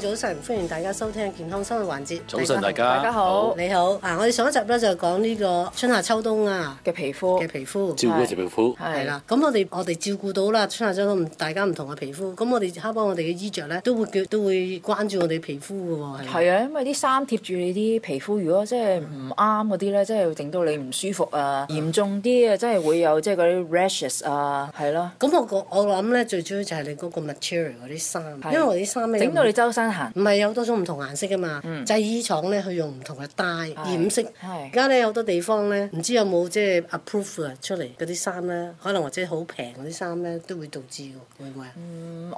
早晨，歡迎大家收聽健康生活環節。早晨，大家，大家好，好你好。嗱，我哋上一集咧就講、是、呢個春夏秋冬啊嘅皮膚嘅皮膚，照顧嗰隻皮膚係啦。咁、嗯、我哋我哋照顧到啦，春夏秋冬大家唔同嘅皮膚。咁我哋刻幫我哋嘅衣着咧都會都會關注我哋皮膚嘅喎。係啊，因為啲衫貼住你啲皮膚，如果即係唔啱嗰啲咧，即係會整到你唔舒服啊。嚴、嗯、重啲啊，即係會有即係嗰啲 rashes 啊。係咯。咁我我諗咧最主要就係你嗰個 material 嗰啲衫，因為我啲衫整到你多身行，唔係有好多種唔同的顏色噶嘛？製、嗯、衣廠咧，佢用唔同嘅 dye、哎、染色。而家咧好多地方咧，唔知道有冇即係 approve 出嚟嗰啲衫咧，可能或者好平嗰啲衫咧，都會導致㗎，會唔會啊？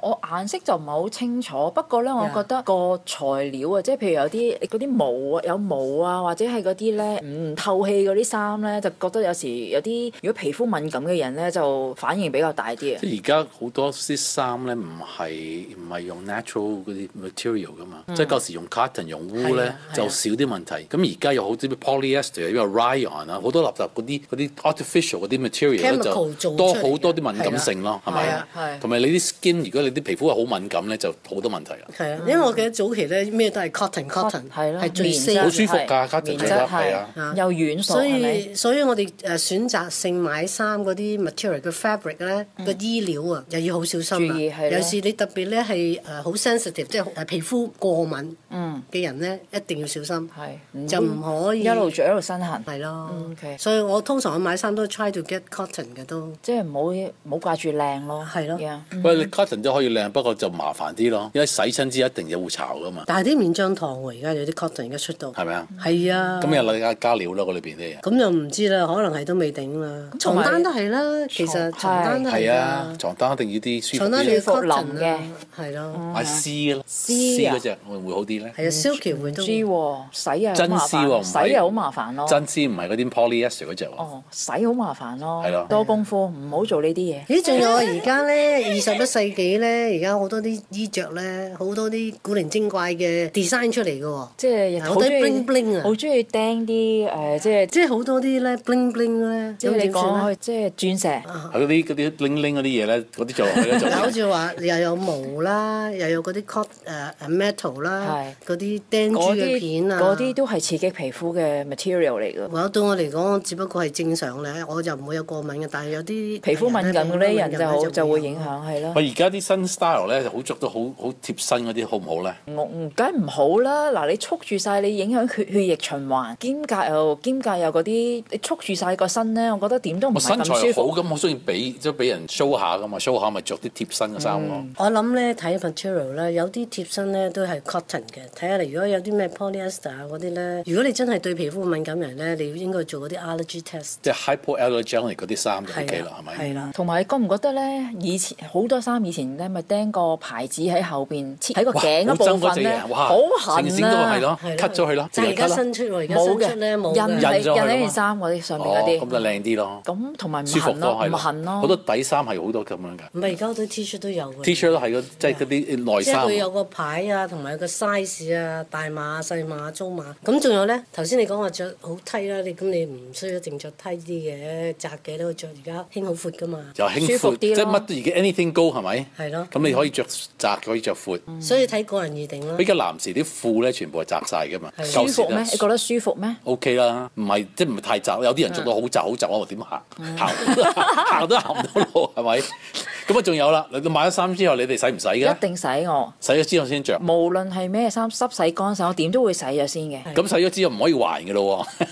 我顏色就唔係好清楚，不過咧，我覺得個材料啊，即係譬如有啲嗰啲毛啊，有毛啊，或者係嗰啲咧唔透氣嗰啲衫咧，就覺得有時候有啲如果皮膚敏感嘅人咧，就反應比較大啲啊。即係而家好多啲衫咧，唔係唔係用 natural 嗰啲。material 㗎嘛。嗯、即係舊時用 cotton 用 wool 咧就少啲問題，咁而家又好似 polyester 啊，比如 rayon 啊，好多垃圾嗰啲嗰啲 artificial 嗰啲 material 咧就多好多啲敏感性咯，係咪啊？同埋、啊啊啊、你啲 skin，如果你啲皮膚係好敏感咧，就好多問題啦。係啊、嗯，因為我記得早期咧咩都係 cotton cotton 係棉質，好舒服㗎，卡住住得係啊，啊，又軟所以是是所以我哋誒選擇性買衫嗰啲 material 嘅 fabric 咧個衣料啊又要好小心、啊，尤其你特別咧係誒好 sensitive 即係。皮膚過敏嘅人咧、嗯，一定要小心，就唔可以、嗯、一路着一路身痕，係咯。Okay. 所以我通常去買衫都 try to get cotton 嘅都，即係唔好掛住靚咯，係咯、yeah. 嗯。喂，你 cotton 都可以靚，不過就麻煩啲咯，因為洗親之一定有會潮㗎嘛。但係啲棉張糖喎而家有啲 cotton 而家出到，係咪啊？係、嗯、啊。咁又冇加料咯？嗰裏邊啲嘢？咁就唔知啦，可能係都未定啦。床單都係啦，其實係係啊，牀單是一定要啲舒服舒服腍嘅，係、啊、咯，買絲咯。絲嗰隻唔會好啲咧？係啊，silky 換珠喎，洗啊真絲喎，唔洗又好麻煩咯。真絲唔係嗰啲 polyester 嗰隻喎。哦，洗好麻煩咯、啊，係咯，多功夫，唔好做這些東西呢啲嘢。咦？仲有而家咧，二十一世紀咧，而家好多啲衣着咧，好多啲古靈精怪嘅 design 出嚟嘅喎，即係好中意好中意釘啲誒、呃，即係即係好多啲咧 bling bling 咧。即係你講開，即係、就是、鑽石。係嗰啲嗰啲 bling 嗰啲嘢咧，嗰啲 就。嗱，好似話又有毛啦， 又有嗰啲誒、uh, metal 啦，嗰啲釘珠嘅片啊，嗰啲都係刺激皮膚嘅 material 嚟嘅。或者對我嚟講，只不過係正常咧，我就唔會有過敏嘅。但係有啲皮膚敏感嗰啲人就好就，會就會影響係咯。我而家啲新 style 咧，就好著到好好貼身嗰啲，好唔好咧？我梗係唔好啦！嗱，你束住晒，你影響血血液循環，肩胛又肩胛又嗰啲，你束住晒個身咧，我覺得點都唔係咁舒服。身材好咁，我雖然俾即係俾人 show 下㗎嘛，show 下咪、就是、着啲貼身嘅衫咯。我諗咧睇 material 啦，有啲。貼身咧都係 cotton 嘅，睇下你如果有啲咩 polyester 嗰啲咧，如果你真係對皮膚敏感人咧，你應該做嗰啲 allergy test。即係 hypoallergenic 嗰啲衫就 OK 啦，係咪、啊？係啦。同埋覺唔覺得咧？以前好多衫以前咧咪釘個牌子喺後邊，喺個頸嗰部分咧，好痕啦、啊。成件都係咯，cut 咗佢咯。就而家新出喎，而家新嘅冇冇印印呢件衫嗰啲上邊嗰啲。咁就靚啲咯。咁同埋唔痕咯，唔痕咯。好、啊、多底衫係好多咁樣㗎。唔係而家好多 T 恤都有嘅。T 恤都係嗰即係啲內衫。個牌啊，同埋個 size 啊，大碼、細碼、中碼。咁仲有咧，頭先你講話着好梯啦，你咁你唔需要一定著梯啲嘅窄嘅都會着。而家興好闊噶嘛就輕舒，舒服啲，即係乜都而家 anything go，o 係咪？係咯。咁、嗯、你可以着窄，可以着闊、嗯。所以睇個人而定啦。比較男士啲褲咧，全部係窄晒噶嘛，收身咧。你覺得舒服咩？OK 啦，唔係即係唔係太窄。有啲人著到好窄好窄，我點行？行、嗯、行都行唔到路係咪？ 咁啊，仲有啦！你到買咗衫之後，你哋洗唔洗嘅？一定洗我。洗咗之後先着。無論係咩衫濕洗乾洗，我點都會洗咗先嘅。咁洗咗之後唔可以還㗎咯喎。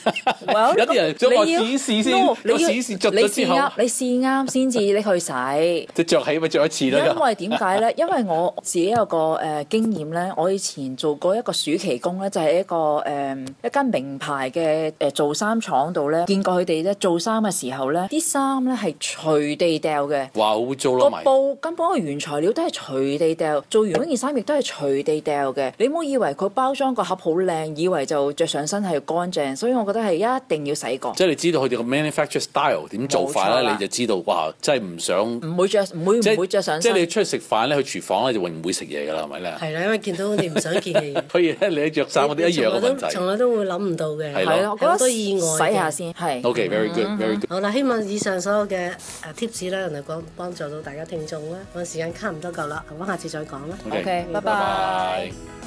Well, 有啲人你話試試先，你試試著咗之後，你試啱先至拎去洗。即 着起咪着一次啦。因為點解咧？因為我自己有個誒、呃、經驗咧，我以前做過一個暑期工咧， 就係一個、嗯、一間名牌嘅做衫廠度咧，見過佢哋咧做衫嘅時候咧，啲衫咧係隨地掉嘅。哇！會做咯～布根本個原材料都係隨地掉，做完嗰件衫亦都係隨地掉嘅。你唔好以為佢包裝個盒好靚，以為就着上身係乾淨，所以我覺得係一定要洗過。即係你知道佢哋個 manufacture style 點做法咧，你就知道哇！真係唔想唔會着唔會唔會著上身。即係你出去食飯咧，去廚房咧就唔會食嘢㗎啦，係咪咧？係啦，因為見到我哋唔想見嘅嘢。譬如咧，你著衫嗰啲一樣嘅問題從來都會諗唔到嘅，係咯，好多意外。洗下先，係。OK，very、okay, good，very good。Good. Mm-hmm. 好啦，希望以上所有嘅誒 tips 咧，能夠幫助到大家。有聽眾啦，我時間差唔多夠啦，我下次再講啦。OK，拜拜。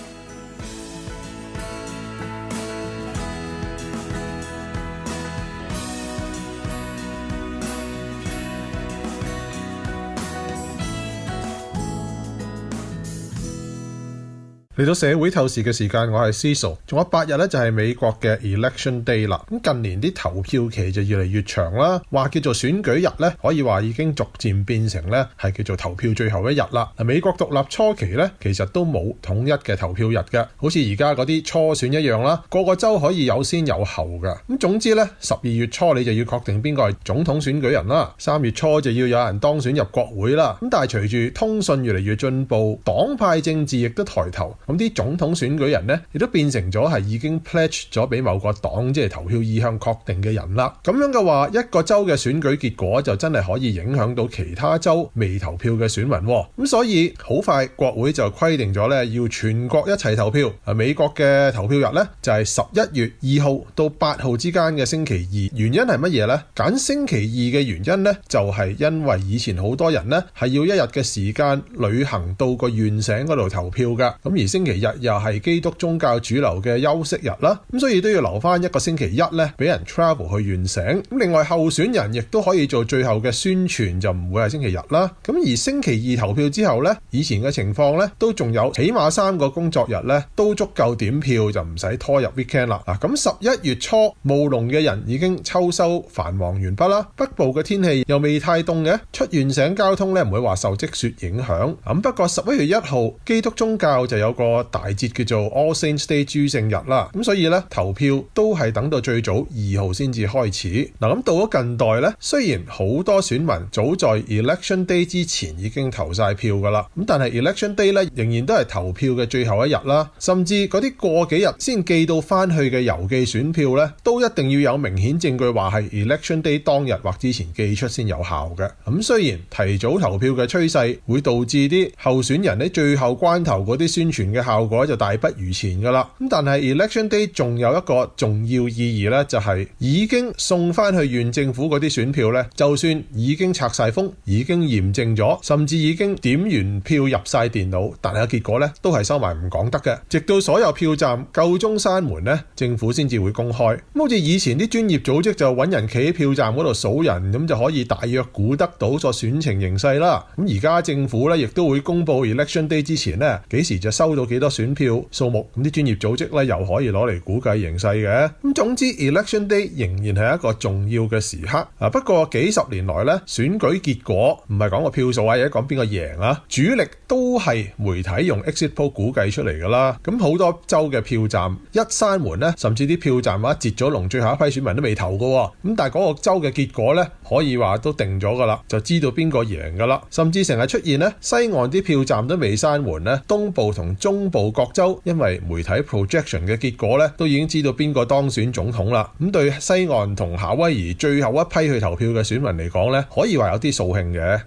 嚟到社會透視嘅時間，我係 Cecil，仲有八日咧就係美國嘅 Election Day 啦。咁近年啲投票期就越嚟越長啦，話叫做選舉日咧，可以話已經逐漸變成咧係叫做投票最後一日啦。美國獨立初期咧，其實都冇統一嘅投票日嘅，好似而家嗰啲初選一樣啦，個個州可以有先有後噶。咁總之咧，十二月初你就要確定邊個係總統選舉人啦，三月初就要有人當選入國會啦。咁但係隨住通訊越嚟越進步，黨派政治亦都抬頭。咁啲總統選舉人呢，亦都變成咗係已經 pledged 咗俾某個黨，即係投票意向確定嘅人啦。咁樣嘅話，一個州嘅選舉結果就真係可以影響到其他州未投票嘅選民、哦。咁所以好快國會就規定咗呢，要全國一齊投票。啊、美國嘅投票日呢，就係十一月二號到八號之間嘅星期二。原因係乜嘢呢？揀星期二嘅原因呢，就係、是、因為以前好多人呢係要一日嘅時間旅行到個縣城嗰度投票噶。咁而星星期日又係基督宗教主流嘅休息日啦，咁所以都要留翻一個星期一呢俾人 travel 去完成。咁另外候選人亦都可以做最後嘅宣傳，就唔會係星期日啦。咁而星期二投票之後呢，以前嘅情況呢都仲有起碼三個工作日呢都足夠點票就唔使拖入 weekend 啦。啊，咁十一月初務農嘅人已經秋收繁忙完畢啦，北部嘅天氣又未太凍嘅，出完醒交通呢唔會話受積雪影響。咁不過十一月一號基督宗教就有。那個大節叫做 All Saints Day 諸聖日啦，咁所以咧投票都係等到最早二號先至開始。嗱，咁到咗近代咧，雖然好多選民早在 Election Day 之前已經投晒票噶啦，咁但係 Election Day 咧仍然都係投票嘅最後一日啦。甚至嗰啲過幾日先寄到翻去嘅郵寄選票咧，都一定要有明顯證據話係 Election Day 當日或之前寄出先有效嘅。咁雖然提早投票嘅趨勢會導致啲候選人咧最後關頭嗰啲宣傳嘅效果就大不如前噶啦。咁但係 election day 仲有一個重要意義咧，就係已經送翻去縣政府嗰啲選票咧，就算已經拆晒封，已經驗證咗，甚至已經點完票入晒電腦，但係個結果咧都係收埋唔講得嘅。直到所有票站夠鐘閂門咧，政府先至會公開。咁好似以前啲專業組織就揾人企喺票站嗰度數人,咁就可以大約估得到個選情形勢啦。咁而家政府咧亦都會公布 election day 之前咧幾時就收到到幾多選票數目，咁啲專業組織咧又可以攞嚟估計形勢嘅。咁總之 Election Day 仍然係一個重要嘅時刻啊，不過幾十年來咧，選舉結果唔係講個票數啊，而係，講邊個贏啊，主力都係媒體用 Exit Poll 估計出嚟噶啦。咁好多州嘅票站一閂門咧，甚至啲票站啊截咗龍，最後一批選民都未投㗎喎。咁但係嗰個州嘅結果咧，可以話都定咗噶啦，就知道邊個贏噶啦，甚至成日出現咧，西岸啲票站都未閂門咧，東部同中。東部各州，因為媒體 projection 嘅結果咧，都已經知道邊個當選總統喇。咁對西岸同夏威夷最後一批去投票嘅選民嚟講咧，可以話有啲掃興嘅。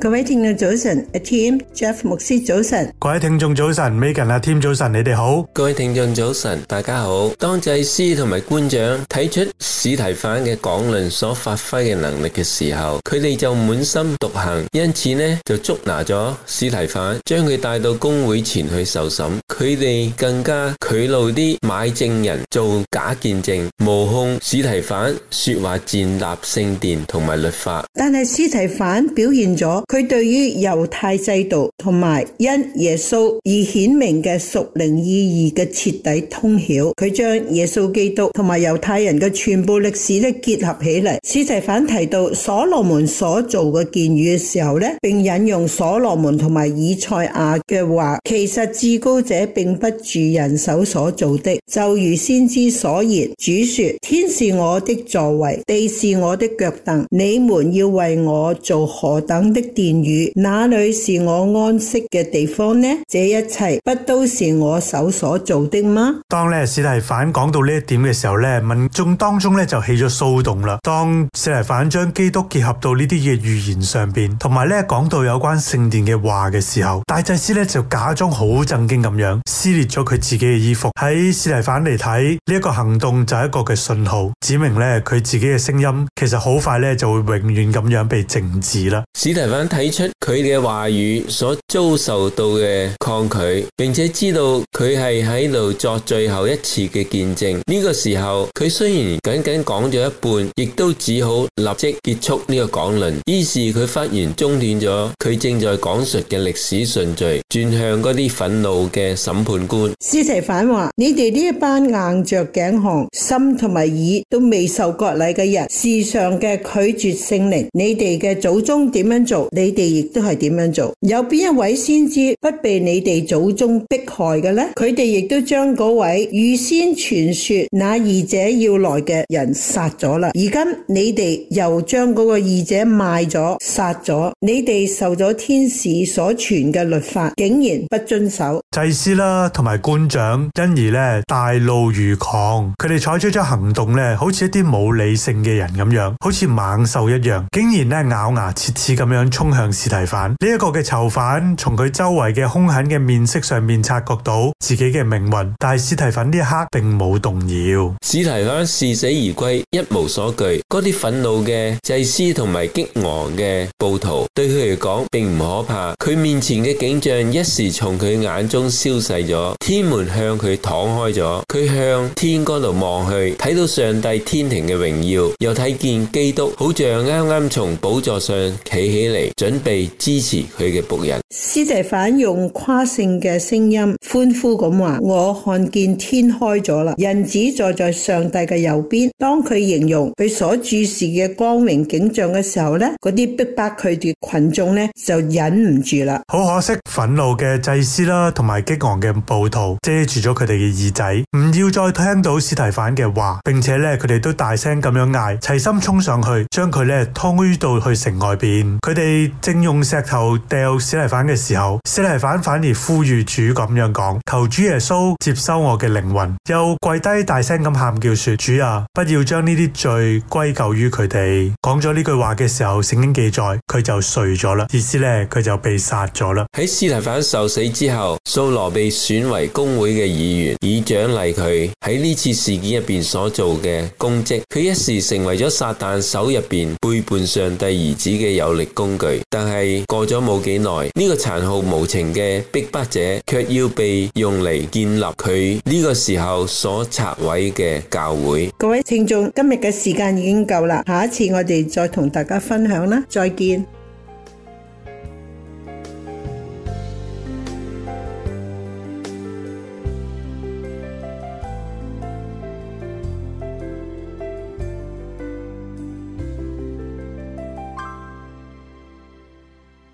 各位聽眾早晨，阿添、Jeff，牧師早晨。各位聽眾早晨，Megan 阿添早晨，你哋好。各位聽眾早晨，大家好。當祭司同埋官長睇出史提反嘅講論所發揮嘅能力嘅時候，佢哋就滿心獨行，因此呢，就捉拿咗史提反，將佢帶到公會前去受審。佢哋更加賄賂啲買證人做假見證，誣控史提反説話戰立聖殿同埋律法。但係史提反表現咗。佢對於猶太制度同埋因耶穌而顯明嘅屬靈意義嘅徹底通曉，佢將耶穌基督同埋猶太人嘅全部歷史咧結合起嚟。史提反提到所羅門所做嘅建議嘅時候呢，並引用所羅門同埋以賽亞嘅話，其實至高者並不住人手所做的，就如先知所言，主説：天是我的座位，地是我的腳凳，你們要為我做何等的。言語，哪裏是我安息嘅地方呢？這一切不都是我手所做的嗎？當咧，司提反講到呢一點嘅時候咧，民眾當中咧就起咗騷動啦。當司提反將基督結合到呢啲嘅預言上邊，同埋咧講到有關聖殿嘅話嘅時候，大祭司咧就假裝好震驚咁樣撕裂咗佢自己嘅衣服。喺司提反嚟睇，呢一個行動就係一個嘅信號，指明咧佢自己嘅聲音其實好快咧就會永遠咁樣被靜止啦。司提反。睇出佢嘅話語所遭受到嘅抗拒，並且知道佢係喺度作最後一次嘅見證。呢個時候，佢雖然僅僅講咗一半，亦都只好立即結束呢個講論。於是佢忽然中斷咗，佢正在講述嘅歷史順序，轉向嗰啲憤怒嘅審判官。司提反話：你哋呢一班硬著頸項、心同埋耳都未受割禮嘅人，時常嘅拒絕聖靈，你哋嘅祖宗點樣做？你哋亦都係點樣做？有邊一位先知不被你哋祖宗迫害嘅呢？佢哋亦都將嗰位預先傳說那二者要來嘅人殺咗啦。而今你哋又將嗰個二者賣咗、殺咗。你哋受咗天使所傳嘅律法，竟然不遵守。祭司啦，同埋官長，因而呢大怒如狂。佢哋採取咗行動呢，好似一啲冇理性嘅人咁樣，好似猛獸一樣，竟然呢咬牙切齒咁樣。衝向史提反呢一個嘅囚犯，從佢周圍嘅凶狠嘅面色上面察覺到自己嘅命運，但係史提反呢一刻並冇動搖。史提反視死如歸，一無所懼。嗰啲憤怒嘅祭司同埋激昂嘅暴徒對佢嚟講並唔可怕。佢面前嘅景象一時從佢眼中消逝咗，天門向佢敞開咗。佢向天嗰度望去，睇到上帝天庭嘅榮耀，又睇見基督，好像啱啱從寶座上企起嚟。準備支持佢嘅僕人。斯提反用誇勝嘅聲音歡呼咁話：我看見天開咗啦！人子坐在上帝嘅右邊。當佢形容佢所注視嘅光明景象嘅時候呢，嗰啲逼迫佢哋群眾呢就忍唔住啦。好可惜，憤怒嘅祭司啦，同埋激昂嘅暴徒遮住咗佢哋嘅耳仔，唔要再聽到斯提反嘅話，並且呢，佢哋都大聲咁樣嗌，齊心衝上去，將佢咧推到去城外邊。佢哋。正用石頭掟司提反嘅時候，司提反反而呼籲主咁樣講，求主耶穌接收我嘅靈魂，又跪低大聲咁喊叫說：主啊，不要將呢啲罪歸咎於佢哋。講咗呢句話嘅時候，聖經記載佢就睡咗啦，意思呢佢就被殺咗啦。喺司提反受死之後，掃羅被選為公會嘅議員，以獎勵佢喺呢次事件入邊所做嘅功績。佢一時成為咗撒但手入邊背叛上帝兒子嘅有力工具。但係過咗冇幾耐，呢個殘酷無情嘅逼迫者，卻要被用嚟建立佢呢個時候所拆毀嘅教會。各位聽眾，今日嘅時間已經夠啦，下一次我哋再同大家分享啦，再見。